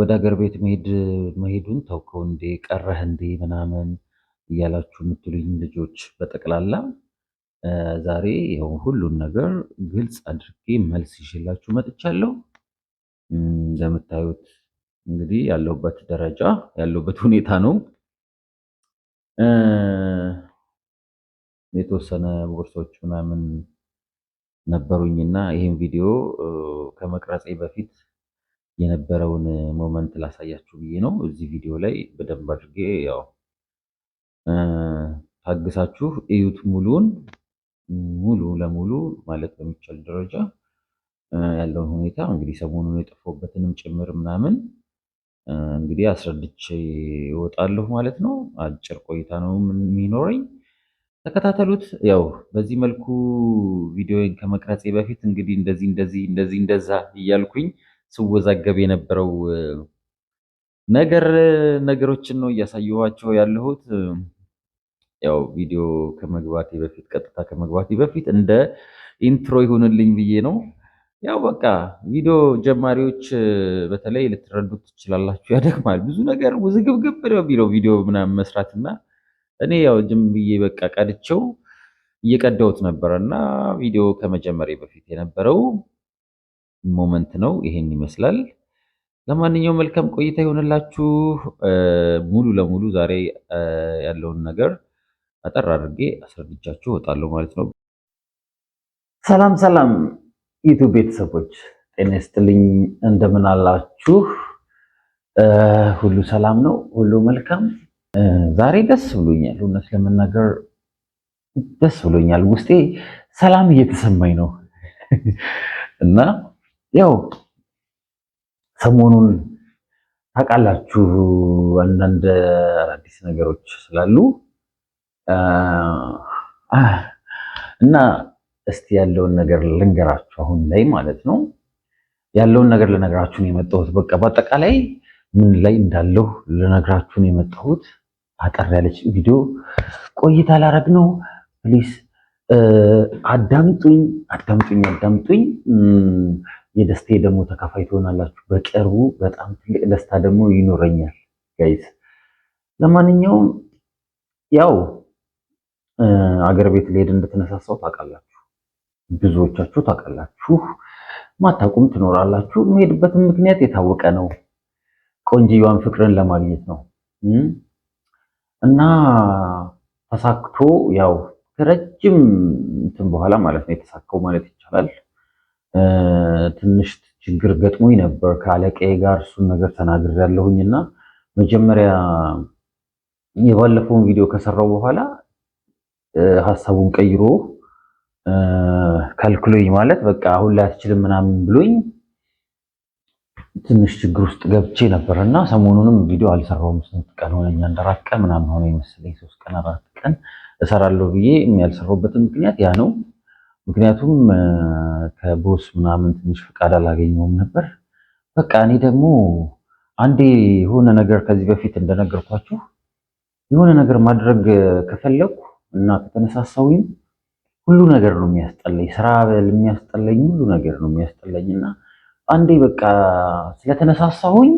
ወደ ሀገር ቤት መሄዱን ተውከው እንዴ ቀረህ እንዴ ምናምን እያላችሁ የምትሉኝ ልጆች በጠቅላላ ዛሬ ይኸው ሁሉን ነገር ግልጽ አድርጌ መልስ ይዤላችሁ መጥቻለሁ። እንደምታዩት እንግዲህ ያለሁበት ደረጃ ያለሁበት ሁኔታ ነው። የተወሰነ ቦርሳዎች ምናምን ነበሩኝና ይህን ቪዲዮ ከመቅረጼ በፊት የነበረውን ሞመንት ላሳያችሁ ብዬ ነው። እዚህ ቪዲዮ ላይ በደንብ አድርጌ ያው ታግሳችሁ እዩት። ሙሉን ሙሉ ለሙሉ ማለት በሚቻል ደረጃ ያለውን ሁኔታ እንግዲህ ሰሞኑን የጠፋሁበትንም ጭምር ምናምን እንግዲህ አስረድቼ እወጣለሁ ማለት ነው። አጭር ቆይታ ነው የሚኖረኝ። ተከታተሉት። ያው በዚህ መልኩ ቪዲዮን ከመቅረጼ በፊት እንግዲህ እንደዚህ እንደዚህ እንደዚህ እንደዛ እያልኩኝ ስወዛገብ የነበረው ነገር ነገሮችን ነው እያሳየኋቸው ያለሁት። ያው ቪዲዮ ከመግባቴ በፊት ቀጥታ ከመግባቴ በፊት እንደ ኢንትሮ ይሁንልኝ ብዬ ነው። ያው በቃ ቪዲዮ ጀማሪዎች በተለይ ልትረዱት ትችላላችሁ። ያደግማል ብዙ ነገር ውዝግብግብ ነው የሚለው ቪዲዮ ምናምን መስራት እኔ ያው ጅም ብዬ በቃ ቀድቼው እየቀዳሁት ነበረ እና ቪዲዮ ከመጀመሪያ በፊት የነበረው ሞመንት ነው። ይሄን ይመስላል። ለማንኛውም መልካም ቆይታ ይሆንላችሁ። ሙሉ ለሙሉ ዛሬ ያለውን ነገር አጠር አድርጌ አስረድቻችሁ እወጣለሁ ማለት ነው። ሰላም ሰላም፣ ዩቱብ ቤተሰቦች ጤና ይስጥልኝ። እንደምን አላችሁ? ሁሉ ሰላም ነው፣ ሁሉ መልካም። ዛሬ ደስ ብሎኛል። እውነት ለመናገር ደስ ብሎኛል። ውስጤ ሰላም እየተሰማኝ ነው እና ያው ሰሞኑን ታውቃላችሁ አንዳንድ አዳዲስ ነገሮች ስላሉ እና እስቲ ያለውን ነገር ልንገራችሁ አሁን ላይ ማለት ነው። ያለውን ነገር ልነግራችሁ ነው የመጣሁት። በቃ በአጠቃላይ ምን ላይ እንዳለሁ ልነግራችሁ ነው የመጣሁት። አጠር ያለች ቪዲዮ ቆይታ ላረግ ነው። ፕሊስ አዳምጡኝ፣ አዳምጡኝ፣ አዳምጡኝ። የደስታ ደግሞ ተካፋይ ትሆናላችሁ። በቅርቡ በጣም ትልቅ ደስታ ደግሞ ይኖረኛል ጋይስ። ለማንኛውም ያው አገር ቤት ልሄድ እንደተነሳሳው ታውቃላችሁ፣ ብዙዎቻችሁ ታውቃላችሁ፣ ማታቁም ትኖራላችሁ። የምሄድበትን ምክንያት የታወቀ ነው። ቆንጂዋን ፍቅርን ለማግኘት ነው እና ተሳክቶ ያው ከረጅም እንትን በኋላ ማለት ነው የተሳካው ማለት ይቻላል። ትንሽ ችግር ገጥሞኝ ነበር ከአለቀ ጋር እሱን ነገር ያለሁኝ እና መጀመሪያ የባለፈውን ቪዲዮ ከሰራው በኋላ ሀሳቡን ቀይሮ ከልክሎኝ ማለት በቃ አሁን ላይ አትችልም ምናምን ብሎኝ ትንሽ ችግር ውስጥ ገብቼ ነበር እና ሰሞኑንም ቪዲዮ አልሰራውም። ስንት ቀን ሆነኛ እንደ አራት ቀን ምናምን ሆነ ይመስለኝ ሶስት ቀን አራት ቀን እሰራለሁ ብዬ ያልሰራውበትን ምክንያት ያ ነው። ምክንያቱም ከቦስ ምናምን ትንሽ ፍቃድ አላገኘውም ነበር። በቃ እኔ ደግሞ አንዴ የሆነ ነገር ከዚህ በፊት እንደነገርኳችሁ የሆነ ነገር ማድረግ ከፈለኩ እና ከተነሳሳውኝ ሁሉ ነገር ነው የሚያስጠላኝ። ስራ በል የሚያስጠላኝ፣ ሁሉ ነገር ነው የሚያስጠላኝ እና አንዴ በቃ ስለተነሳሳውኝ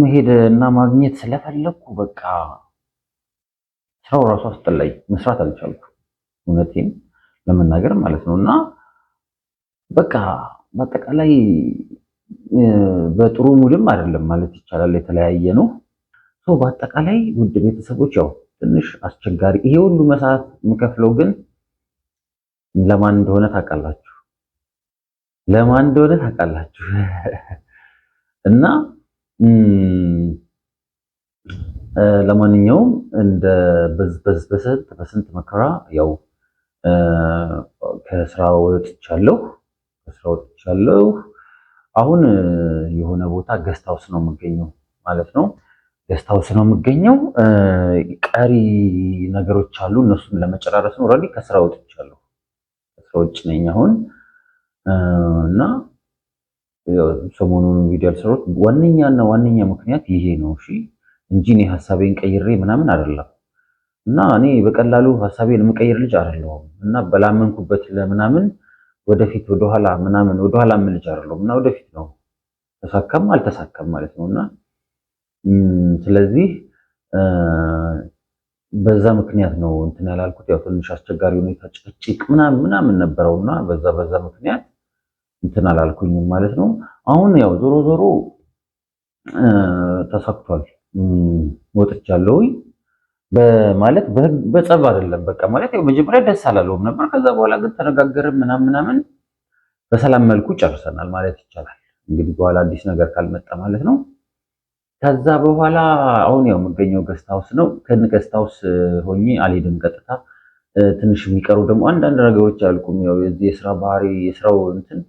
መሄድ እና ማግኘት ስለፈለኩ በቃ ስራው ራሱ አስጠላኝ። መስራት አልቻልኩ እውነቴን ለመናገር ማለት ነው እና በቃ በአጠቃላይ በጥሩ ሙድም አይደለም ማለት ይቻላል። የተለያየ ነው። በአጠቃላይ ውድ ቤተሰቦች ያው ትንሽ አስቸጋሪ ይሄ ሁሉ መስዋዕት የምከፍለው ግን ለማን እንደሆነ ታውቃላችሁ፣ ለማን እንደሆነ ታውቃላችሁ። እና ለማንኛውም እንደ በስንት መከራ ያው ከስራ ወጥቻለሁ ከስራ ወጥቻለሁ። አሁን የሆነ ቦታ ገስት ነው የምገኘው ማለት ነው። ገስት ነው የምገኘው። ቀሪ ነገሮች አሉ፣ እነሱን ለመጨራረስ ነው። ኦልሬዲ ከስራ ወጥቻለሁ፣ ከስራ ውጭ ነኝ አሁን እና ሰሞኑን ቪዲዮ ዋነኛና ዋነኛ ምክንያት ይሄ ነው እሺ፣ እንጂ እኔ ሀሳቤን ቀይሬ ምናምን አይደለም። እና እኔ በቀላሉ ሀሳቤን የምቀይር ልጅ አይደለሁም እና በላመንኩበት ለምናምን ወደፊት ወደኋላ ምናምን ወደኋላ ምን ልጅ አይደለሁም እና ወደፊት ነው ተሳካም አልተሳካም ማለት ነው እና ስለዚህ በዛ ምክንያት ነው እንትን ያላልኩት። ያው ትንሽ አስቸጋሪ ሁኔታ ጭቅጭቅ ምናምን ምናምን ነበረውና በዛ በዛ ምክንያት እንትን አላልኩኝም ማለት ነው። አሁን ያው ዞሮ ዞሮ ተሳክቷል፣ ወጥቻለሁኝ። ማለት በጸብ አይደለም። በቃ ማለት ያው መጀመሪያ ደስ አላለውም ነበር። ከዛ በኋላ ግን ተነጋገርን ምናምን ምናምን በሰላም መልኩ ጨርሰናል ማለት ይቻላል። እንግዲህ በኋላ አዲስ ነገር ካልመጣ ማለት ነው። ከዛ በኋላ አሁን ያው የምገኘው ገስታውስ ነው። ከን ገስታውስ ሀውስ ሆኜ አልሄድም ቀጥታ። ትንሽ የሚቀሩ ደግሞ አንዳንድ ነገሮች አልቁም። ያው የዚህ የስራ ባህሪ የስራው እንትን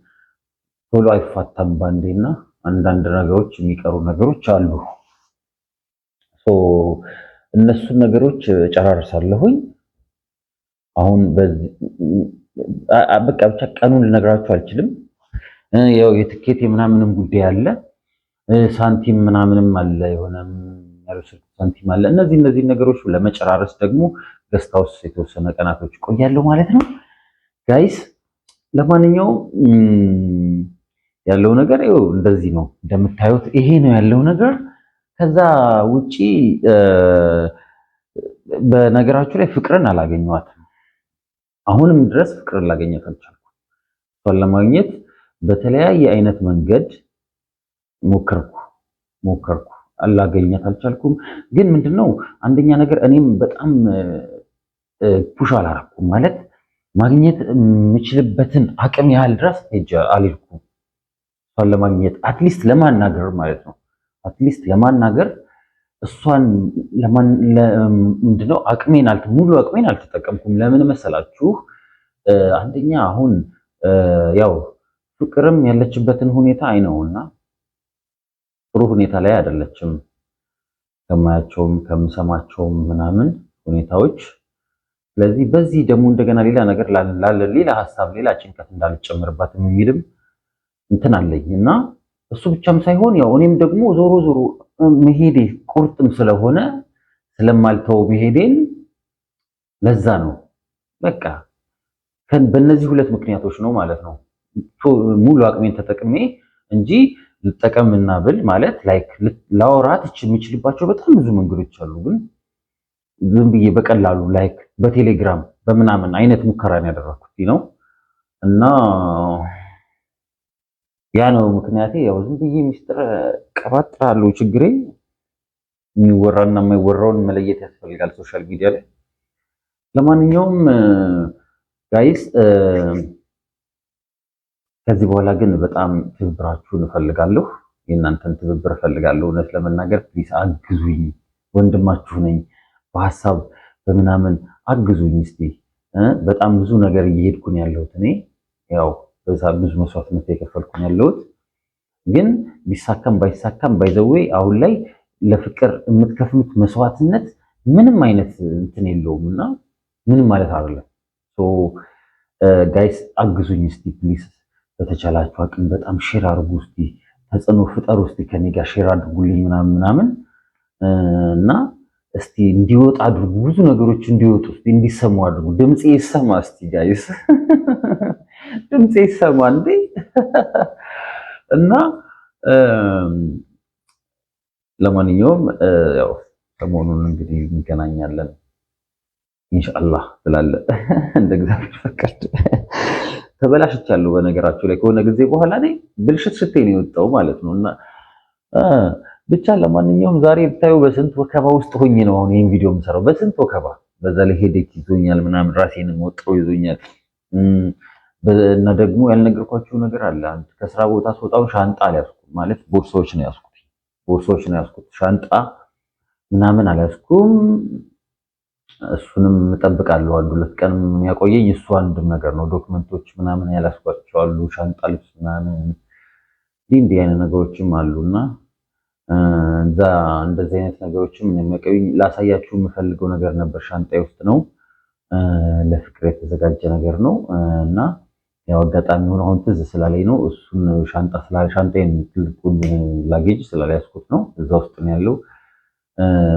ቶሎ አይፋታም ባንዴና አንዳንድ ነገሮች የሚቀሩ ነገሮች አሉ። እነሱን ነገሮች ጨራርሳለሁኝ። አሁን በቃ ብቻ ቀኑን ልነግራችሁ አልችልም። ያው የትኬት የምናምንም ጉዳይ አለ፣ ሳንቲም ምናምንም አለ፣ የሆነ ሳንቲም አለ። እነዚህ እነዚህ ነገሮች ለመጨራረስ ደግሞ ገስታ ውስጥ የተወሰነ ቀናቶች ቆያለሁ ማለት ነው ጋይስ። ለማንኛውም ያለው ነገር ይኸው እንደዚህ ነው እንደምታዩት፣ ይሄ ነው ያለው ነገር። ከዛ ውጪ በነገራችሁ ላይ ፍቅርን አላገኘኋትም። አሁንም ድረስ ፍቅርን ላገኘት አልቻልኩም። እሷን ለማግኘት በተለያየ አይነት መንገድ ሞከርኩ ሞከርኩ፣ አላገኘት አልቻልኩም። ግን ምንድነው አንደኛ ነገር እኔም በጣም ፑሽ አላረኩም ማለት ማግኘት የምችልበትን አቅም ያህል ድረስ አልሄድኩም እሷን ለማግኘት አትሊስት ለማናገር ማለት ነው። አትሊስት ለማናገር እሷን ምንድነው አቅሜን ሙሉ አቅሜን አልተጠቀምኩም። ለምን መሰላችሁ? አንደኛ አሁን ያው ፍቅርም ያለችበትን ሁኔታ አይነውና ጥሩ ሁኔታ ላይ አይደለችም። ከማያቸውም ከምሰማቸውም ምናምን ሁኔታዎች ስለዚህ በዚህ ደግሞ እንደገና ሌላ ነገር ላለ ሌላ ሀሳብ ሌላ ጭንቀት እንዳልጨምርባት የሚልም እንትን አለኝ እና እሱ ብቻም ሳይሆን ያው እኔም ደግሞ ዞሮ ዞሮ መሄዴ ቁርጥም ስለሆነ ስለማልተው መሄዴን ለዛ ነው በቃ በእነዚህ ሁለት ምክንያቶች ነው ማለት ነው። ሙሉ አቅሜን ተጠቅሜ እንጂ ልጠቀምና ብል ማለት ላይክ ላወራት የምችልባቸው በጣም ብዙ መንገዶች አሉ። ግን ዝም ብዬ በቀላሉ ላይክ በቴሌግራም በምናምን አይነት ሙከራን ያደረኩት ነው እና ያ ነው ምክንያቴ። ያው ዝም ብዬ ሚስጥር ቀባጥራለሁ። ችግሬ የሚወራና የማይወራውን መለየት ያስፈልጋል ሶሻል ሚዲያ ላይ። ለማንኛውም ጋይስ ከዚህ በኋላ ግን በጣም ትብብራችሁን እፈልጋለሁ። የእናንተን ትብብር እፈልጋለሁ። እውነት ለመናገር ፕሊስ አግዙኝ። ወንድማችሁ ነኝ። በሀሳብ በምናምን አግዙኝ እስቲ። በጣም ብዙ ነገር እየሄድኩን ያለሁት እኔ ያው በዛ ብዙ መስዋዕትነት የከፈልኩ ያለሁት። ግን ቢሳካም ባይሳካም ባይዘዌ አሁን ላይ ለፍቅር የምትከፍሉት መስዋዕትነት ምንም አይነት እንትን የለውም እና ምንም ማለት አይደለም። ጋይስ አግዙኝ እስቲ ፕሊስ፣ በተቻላችሁ አቅም በጣም ሼር አድርጉ እስቲ፣ ተጽዕኖ ፍጠሩ እስቲ፣ ከኔ ጋር ሼር አድርጉልኝ ምናምን ምናምን እና እስቲ እንዲወጣ አድርጉ፣ ብዙ ነገሮች እንዲወጡ እንዲሰሙ አድርጉ። ድምፅ ይሰማ እስቲ ጋይስ። ድምፅ ይሰማ እንዴ? እና ለማንኛውም ያው ሰሞኑን እንግዲህ እንገናኛለን ኢንሻአላህ ብላለ እንደ እግዚአብሔር ፈቃድ። ተበላሽቻለሁ በነገራችሁ ላይ ከሆነ ጊዜ በኋላ እኔ ብልሽት ሽቴ ነው የወጣው ማለት ነው እና ብቻ ለማንኛውም ዛሬ ብታዩ በስንት ወከባ ውስጥ ሆኜ ነው አሁን ይህን ቪዲዮ የምሰራው። በስንት ወከባ፣ በዛ ላይ ሄደክ ይዞኛል ምናምን ራሴንም ወጥሮ ይዞኛል። እና ደግሞ ያልነገርኳቸው ነገር አለ። አንድ ከስራ ቦታ ስወጣው ሻንጣ አልያዝኩም፣ ማለት ቦርሳዎች ነው ያዝኩት፣ ቦርሳዎች ነው ያዝኩት። ሻንጣ ምናምን አልያዝኩም። እሱንም እጠብቃለሁ። አንድ ሁለት ቀን የሚያቆየኝ እሱ አንድም ነገር ነው። ዶክመንቶች ምናምን ያላስኳቸው አሉ፣ ሻንጣ ልብስ ምናምን እንዲህ እንዲህ አይነት ነገሮችም አሉና እዛ እንደዚህ አይነት ነገሮችም የሚያቀኝ ላሳያችሁ የምፈልገው ነገር ነበር። ሻንጣ ውስጥ ነው ለፍቅር የተዘጋጀ ነገር ነው እና ያው አጋጣሚ ሆኖ አሁን ትዝ ስላለኝ ነው። እሱን ሻንጣ ሻንጣዬን ትልቁን ላጌጅ ስላልያዝኩት ነው እዛ ውስጥ ነው ያለው።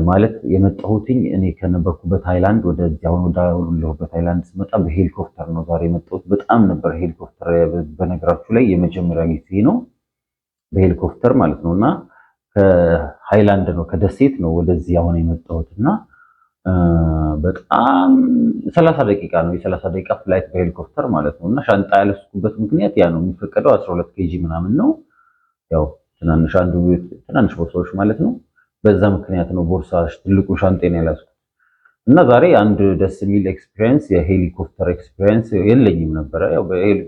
ማለት የመጣሁትኝ እኔ ከነበርኩበት ሃይላንድ ወደ አሁን ወዳለሁበት ሃይላንድ ስመጣ በሄሊኮፕተር ነው ዛሬ የመጣሁት። በጣም ነበር ሄሊኮፕተር። በነገራችሁ ላይ የመጀመሪያ ጊዜ ነው በሄሊኮፕተር ማለት ነው። እና ከሃይላንድ ነው ከደሴት ነው ወደዚህ አሁን የመጣሁት እና በጣም ሰላሳ ደቂቃ ነው። የሰላሳ ደቂቃ ፍላይት በሄሊኮፕተር ማለት ነው። እና ሻንጣ ያለስኩበት ምክንያት ያ ነው። የሚፈቀደው አስራ ሁለት ኬጂ ምናምን ነው። ያው ትናንሽ አንዱ ትናንሽ ቦርሳዎች ማለት ነው። በዛ ምክንያት ነው ቦርሳ ትልቁ ሻንጤን ያላስኩት። እና ዛሬ አንድ ደስ የሚል ኤክስፒሪየንስ የሄሊኮፕተር ኤክስፒሪየንስ የለኝም ነበረ። ያው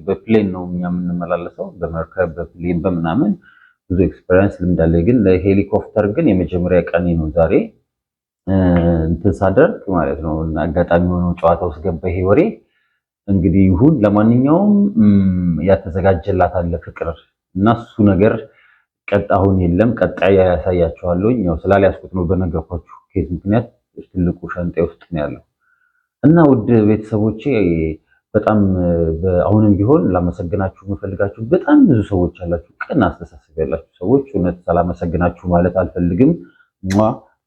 በፕሌን ነው እኛ የምንመላለሰው በመርከብ በፕሌን በምናምን ብዙ ኤክስፒሪየንስ ልምድ አለ ግን ለሄሊኮፕተር ግን የመጀመሪያ ቀኔ ነው ዛሬ እንትን ሳደርግ ማለት ነው አጋጣሚ የሆነው ጨዋታ ውስጥ ገባ ይሄ ወሬ። እንግዲህ ይሁን ለማንኛውም ያተዘጋጀላት አለ ፍቅር እና እሱ ነገር ቀጥ አሁን የለም። ቀጣይ ያሳያችኋለሁ። ያው ስላልያዝኩት ነው በነገርኳችሁ ኬዝ ምክንያት ትልቁ ሸንጤ ውስጥ ነው ያለው እና ውድ ቤተሰቦቼ በጣም አሁንም ቢሆን ላመሰግናችሁ የምፈልጋችሁ በጣም ብዙ ሰዎች አላችሁ፣ ቀን አስተሳሰብ ያላችሁ ሰዎች እውነት ሳላመሰግናችሁ ማለት አልፈልግም።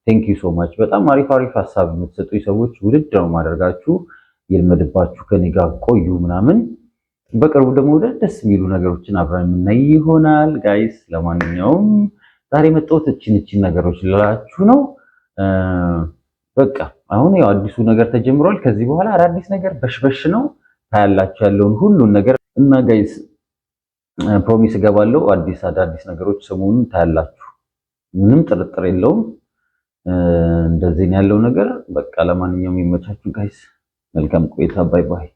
ቴንክ ዩ ሶ ማች። በጣም አሪፍ አሪፍ ሀሳብ የምትሰጡኝ ሰዎች ውድድ ነው ማደርጋችሁ፣ የልመድባችሁ ከኔ ጋር ቆዩ ምናምን። በቅርቡ ደግሞ ወደ ደስ የሚሉ ነገሮችን አብረን የምናይ ይሆናል ጋይስ። ለማንኛውም ዛሬ መጣሁት እችን እችን ነገሮች ልላችሁ ነው። በቃ አሁን ያው አዲሱ ነገር ተጀምሯል። ከዚህ በኋላ አዳዲስ ነገር በሽበሽ ነው ታያላችሁ፣ ያለውን ሁሉን ነገር እና ጋይስ ፕሮሚስ እገባለሁ አዲስ አዳዲስ ነገሮች ሰሞኑን ታያላችሁ፣ ምንም ጥርጥር የለውም። እንደዚህ ያለው ነገር በቃ ለማንኛውም የሚመቻችሁ ጋይስ መልካም ቆይታ ባይ ባይ